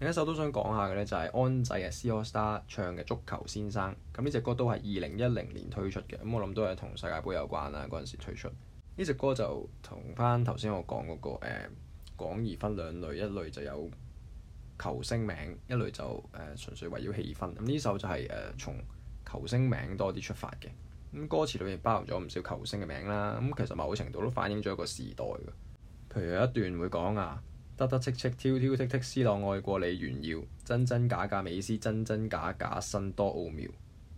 另一首都想講下嘅呢，就係安仔嘅 C AllStar 唱嘅《足球先生》。咁呢隻歌都係二零一零年推出嘅，咁我諗都係同世界盃有關啦。嗰陣時推出呢隻歌就同返頭先我講嗰、那個誒、呃、廣義分兩類，一類就有球星名，一類就誒、呃、純粹圍繞氣氛。咁呢首就係、是、誒、呃、從球星名多啲出發嘅。咁歌詞裏面包含咗唔少球星嘅名啦。咁其實某程度都反映咗一個時代嘅。譬如有一段會講啊。得得戚戚，挑挑剔剔，C 朗愛過你炫耀，真真假假美，美斯真真假假，身多奧妙。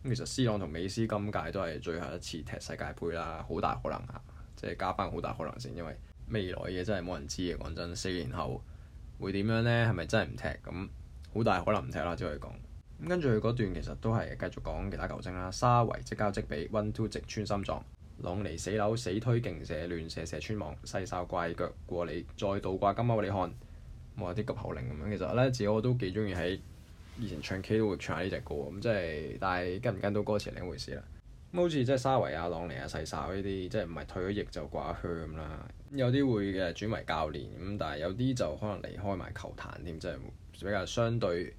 咁其實 C 朗同美斯今屆都係最後一次踢世界盃啦，好大可能啊，即係加班好大可能先，因為未來嘢真係冇人知嘅，講真，四年後會點樣呢？係咪真係唔踢咁？好大可能唔踢啦，只可以講。咁跟住嗰段其實都係繼續講其他球星啦，沙維即交即比，one two 直穿心臟。朗尼死扭死推，勁射亂射射穿網。細哨怪腳過嚟，再倒掛金鉤，你看冇話啲急口令咁樣。其實咧，自我都幾中意，喺以前唱 K 都會唱下呢隻歌咁，即係但係跟唔跟到歌詞另一回事啦。咁好似即係沙維亞、朗尼啊、細哨呢啲，即係唔係退咗役就掛靴啦。有啲會嘅轉為教練咁，但係有啲就可能離開埋球壇添，即係比較相對誒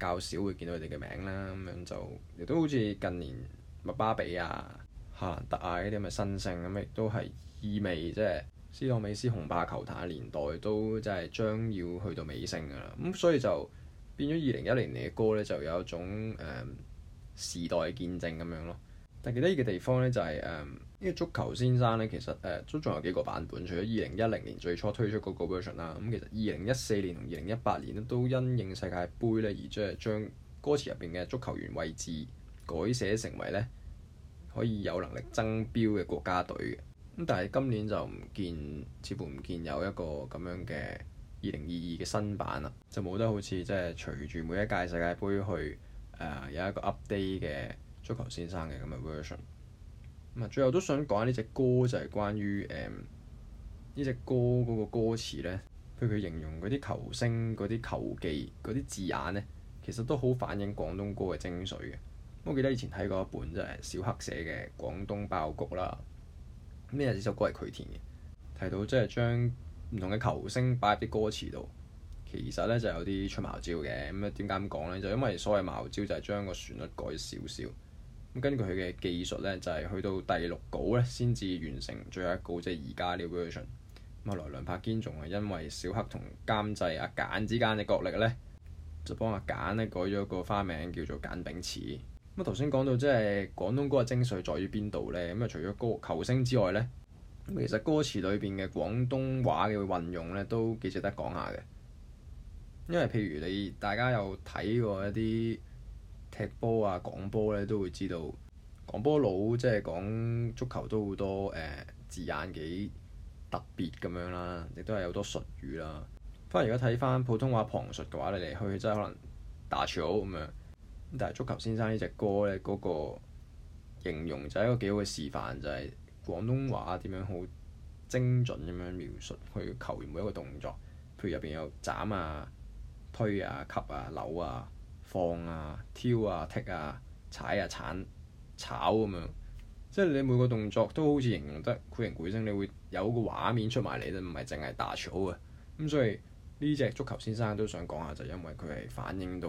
較少會見到佢哋嘅名啦。咁樣就亦都好似近年麥巴比啊。哈蘭特啊呢啲咪新星咁，亦都係意味即係 C 朗美斯雄霸球壇嘅年代都即係將要去到尾聲㗎啦。咁所以就變咗二零一零年嘅歌咧，就有一種誒、嗯、時代嘅見證咁樣咯。特別得意嘅地方咧就係、是、誒，因、嗯、為、呢個、足球先生咧，其實誒都仲有幾個版本，除咗二零一零年最初推出嗰個 version 啦，咁其實二零一四年同二零一八年都因應世界盃咧而即係將歌詞入邊嘅足球員位置改寫成為咧。可以有能力爭標嘅國家隊嘅，咁但係今年就唔見，似乎唔見有一個咁樣嘅二零二二嘅新版啦，就冇得好似即係隨住每一屆世界盃去誒、呃、有一個 update 嘅足球先生嘅咁嘅 version。咁啊，最後都想講呢隻歌就係、是、關於誒呢隻歌嗰個歌詞呢。譬如佢形容嗰啲球星、嗰啲球技、嗰啲字眼呢，其實都好反映廣東歌嘅精髓嘅。我記得以前睇過一本，就係小黑寫嘅《廣東爆谷》啦。呢日呢首歌係佢填嘅，提到即係將唔同嘅球星擺入啲歌詞度，其實呢就是、有啲出茅招嘅。咁啊，點解咁講呢？就是、因為所謂茅招就係將個旋律改少少。咁根據佢嘅技術呢，就係、是、去到第六稿呢先至完成最後一稿，即、就、係、是、而家呢個 version。咁後來梁柏堅仲係因為小黑同監製阿簡之間嘅角力呢，就幫阿簡呢改咗個花名叫做簡炳池。咁頭先講到即係廣東歌嘅精髓在於邊度呢？咁啊，除咗歌球星之外呢，咁其實歌詞裏邊嘅廣東話嘅運用呢，都幾值得講下嘅。因為譬如你大家有睇過一啲踢波啊、講波、啊、呢，都會知道講波佬即係講足球都好多誒、呃、字眼幾特別咁樣啦，亦都係有多術語啦。反而而家睇翻普通話旁述嘅話，你哋去真係可能打草咁樣。但係足球先生呢隻歌呢，嗰、那個形容就係一個幾好嘅示範，就係、是、廣東話點樣好精準咁樣描述佢球員每一個動作，譬如入邊有斬啊、推啊、扱啊、扭啊、放啊、挑啊、踢啊、踩啊、鏟、啊啊、炒咁、啊、樣，即係你每個動作都好似形容得繪形繪聲，你會有個畫面出埋嚟啦，唔係淨係打草嘅。咁所以呢隻足球先生都想講下，就是、因為佢係反映到。